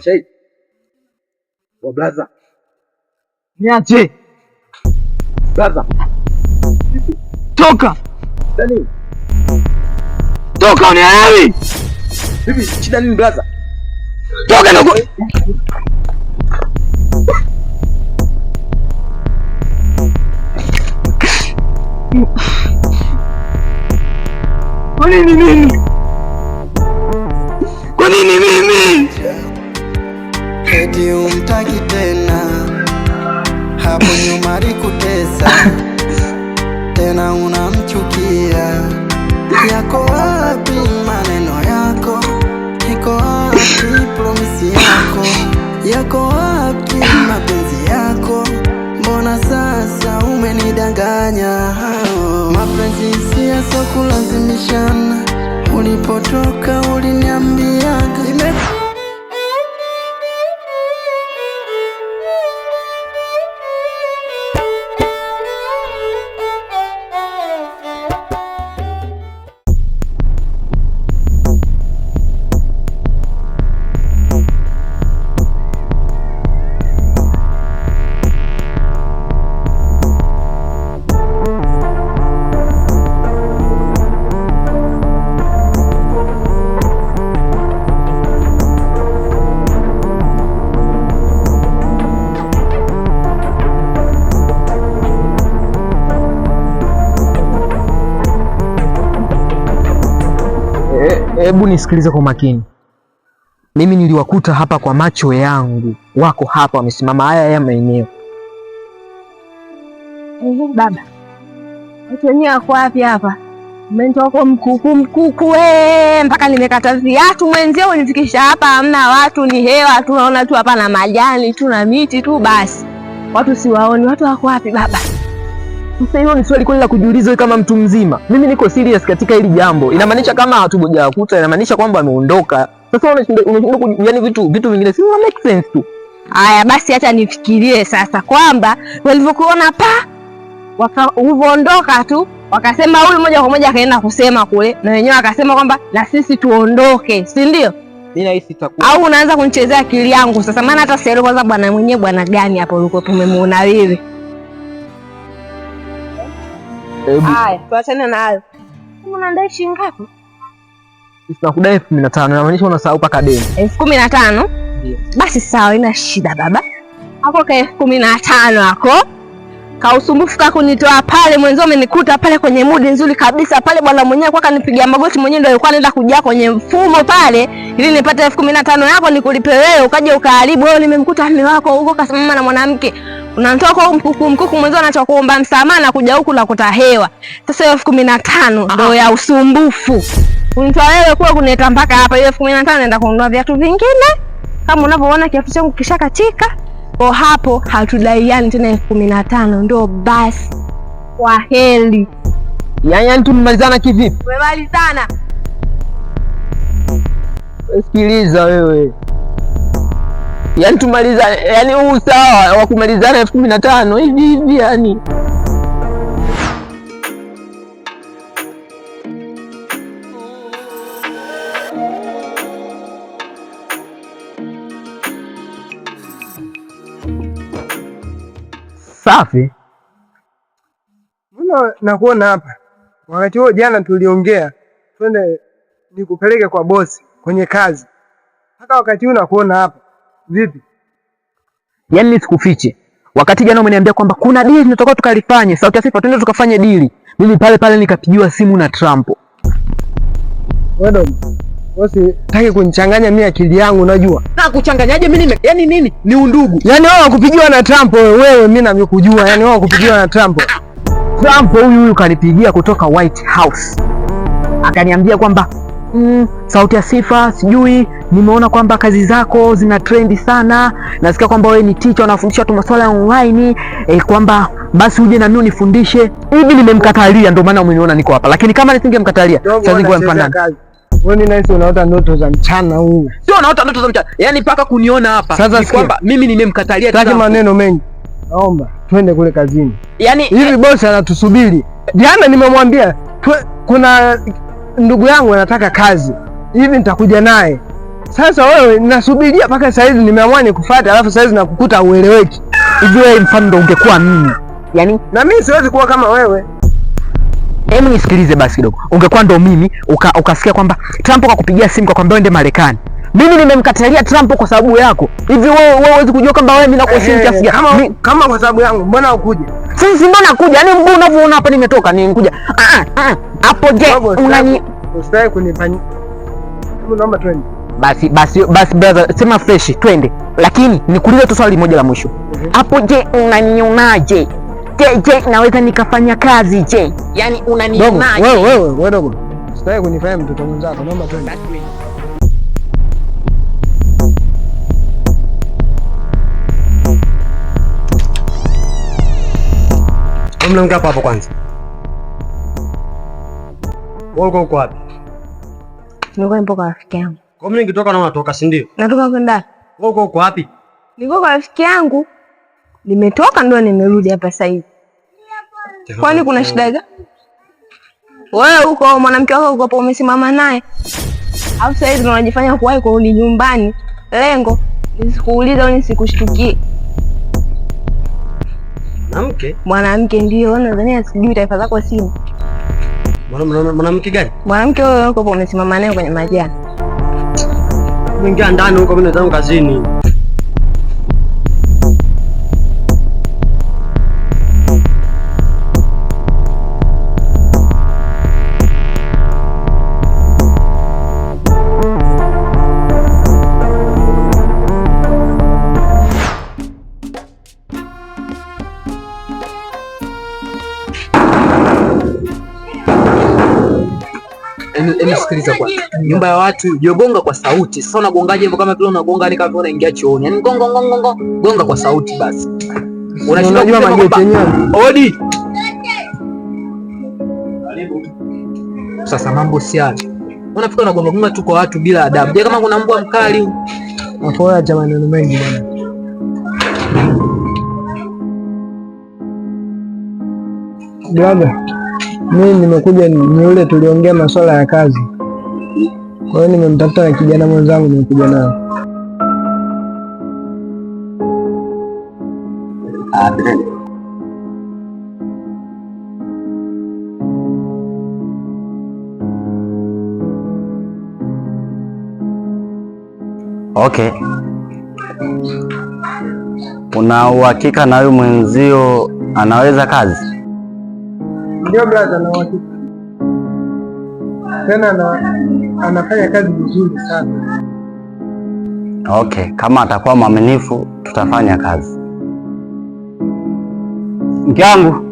shahidi wa brother. Niache brother, toka Dani, toka unielewi bibi. Shida nini brother? Toka ndugu nini nini sikutaki tena, hapo nyuma alikutesa tena unamchukia. Yako wapi maneno yako? Iko wapi promisi yako? Yako wapi mapenzi yako? Mbona sasa umenidanganya? Mapenzi siya so kulazimishana, ulipotoka uliniambia Hebu nisikilize kwa makini. Mimi niliwakuta hapa kwa macho yangu, wako hapa wamesimama haya haya maeneo. Baba, watu wenyewe wako wapi hapa? Umenitoa wako mkuku mkuku we, mpaka nimekata viatu mwenzio unifikisha hapa. Hamna watu, ni hewa tunaona tu hapa na majani tu na miti tu, basi watu siwaoni. Watu wako wapi baba? Sasa hilo ni swali kweli la kujiuliza kama mtu mzima. Mimi niko serious katika hili jambo. Inamaanisha kama hatujakuta, inamaanisha kwamba ameondoka. Sasa unashindwa yani vitu vitu vingine si make sense tu. Haya basi hata nifikirie sasa kwamba walivyokuona pa ulivyoondoka tu wakasema huyu moja kwa moja akaenda kusema kule na wenyewe akasema kwamba na sisi tuondoke, si ndio? Au unaanza kunichezea akili yangu sasa, maana hata sielewi kwanza bwana mwenyewe bwana gani hapo ulikuwa tumemwona wewe Haya, tuachane na hayo. Unadai shilingi ngapi? Nakudai elfu kumi na tano. Inamaanisha unasahau paka deni. elfu kumi na tano? Basi sawa, ina shida baba. Hapo ka elfu kumi na tano hako kausumbufu ka kunitoa pale, mwenzio amenikuta pale kwenye mudi nzuri kabisa pale, bwana mwenyewe kwa kanipigia magoti mwenyewe, ndio alikuwa anaenda kuja kwenye mfumo pale, ili nipate elfu kumi na tano yako nikulipe wewe, ukaja ukaharibu wewe. Nimemkuta mume wako huko kasimama na mwanamke unatoka mkuku mkuku, mwenzi anacha kuomba msamaha na kuja huku nakuta hewa. Sasa hiyo elfu kumi na tano ndo ya usumbufu unitoa wewe kuwa kuneta mpaka hapa. Hiyo elfu kumi na tano naenda kununua viatu vingine, kama unavyoona kiatu changu kisha katika o, hapo hatudaiani tena. elfu kumi na tano ndo basi, kwa Yani, Yaani, yaani tumemalizana kivipi? Tumemalizana. Sikiliza wewe yani tumaliza yani huu sawa wa kumalizana elfu kumi na tano hivi hivi yani safi. Mbona nakuona hapa? Wakati huo jana tuliongea twende nikupeleke kwa bosi kwenye kazi, hata wakati huu nakuona hapa. Vipi? Yaani sikufiche. Wakati jana umeniambia kwamba kuna deal tunataka tukalifanye. Sauti ya sifa, twende tukafanye deal. Mimi pale pale nikapigiwa simu na Trump. Wewe wasi taki kunichanganya mimi akili yangu unajua. Na kuchanganyaje mimi nime? Yaani nini? Ni undugu. Yaani wao wakupigiwa na Trump wewe, mimi mkujua. Yaani wao wakupigiwa na Trump. Trump huyu huyu kanipigia kutoka White House. Akaniambia kwamba mm, sauti ya sifa, sijui nimeona kwamba kazi zako zina trendi sana, nasikia kwamba wewe ni teacher unafundisha watu masuala ya online e, kwamba basi uje na mimi unifundishe hivi. Nimemkatalia, ndio maana umeniona niko hapa, lakini kama nisingemkatalia sasa ningekuwa mfanana Nice, unaota ndoto za mchana huu. Sio unaota ndoto za mchana. Yaani paka kuniona hapa. Sasa kwamba mimi nimemkatalia tazama. Sasa maneno mengi. Naomba twende kule kazini. Yaani hivi bosi anatusubiri. Jana nimemwambia kuna ndugu yangu anataka kazi hivi, nitakuja naye. Sasa wewe nasubiria mpaka saizi, nimeamua nikufuata, alafu saizi nakukuta ueleweki hivi. Wewe mfano ndo ungekuwa mimi yani, na mimi siwezi kuwa kama wewe. Hebu nisikilize basi kidogo, ungekuwa ndo mimi uka, ukasikia kwamba Trump akakupigia simu kwa kwamba ende Marekani mimi nimemkatalia Trump kwa sababu yako. Hivi wewe huwezi kujua kwamba wewe mimi nakuheshimu eh, kiasi gani? Kama kwa sababu yangu mbona ukuje? sisi ndo nakuja, yaani mguu unavyoona hapa nimetoka nikuja ah, ah, ah, hapo. Je, unani basi basi basi, brother, sema fresh twende, lakini nikuulize tu swali moja la mwisho mhm. hapo. Je, unanionaje? Je, je naweza nikafanya kazi? Je, yani unanionaje? Wewe wewe wewe dogo, sitaki kunifanya mtoto mwenzako, naomba twende. mnaongea hapo hapo kwanza. Wewe uko uko wapi? Niko hapo kwa rafiki yangu. Kwa mimi nikitoka na natoka, si ndio? Natoka kwenda. Wewe uko uko wapi? Niko kwa rafiki yangu. Nimetoka ndio nimerudi hapa sasa hivi. Kwani kuna shida gani? Wewe uko mwanamke wako uko hapo umesimama naye. Au sasa hivi unajifanya kuwahi kurudi nyumbani. Lengo nisikuulize au nisikushtukie mwanamke? Mwanamke ndio. Nadhani sijui taifa zako simu. Mwanamke gani? Mwanamke huyo uko unasimama naye kwenye majani. Mwingia ndani huko, mimi nazangu kazini. Yaani, yaani sikiliza kwa nyumba ya watu jogonga kwa sauti. Sasa unagongaje hivyo? Kama vile unagonga ni yaani kama vile unaingia chooni yani, gongo gongo gongo, gonga kwa sauti basi. Unashinda kujua mageti yenyewe. Odi sasa, mambo si hayo, unafika unagonga mimi tu kwa watu bila adabu. Je, kama kuna mbwa mkali akoa cha neno mengi bwana. Braga mimi nimekuja ni yule tuliongea masuala ya kazi, kwa hiyo nimemtafuta na kijana mwenzangu nimekuja naye. Okay, una uhakika na huyu mwenzio anaweza kazi? ndio brada, na uhakika tena na, anafanya kazi vizuri sana. Okay, kama atakuwa mwaminifu tutafanya kazi mke wangu.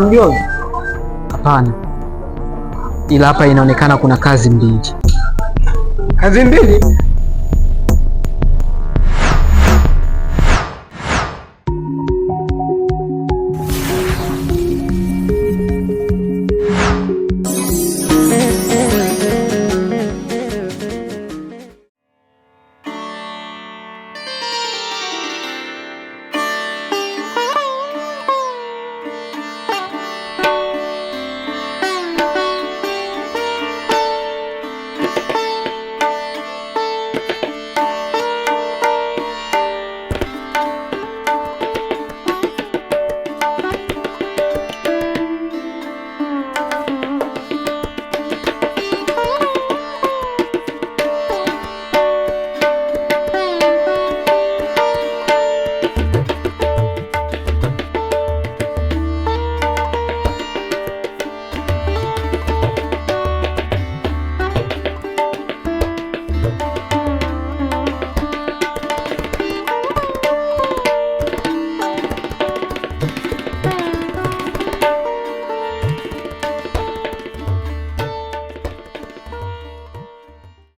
mjozi Hapana, ila hapa inaonekana kuna kazi mbili. Kazi mbili?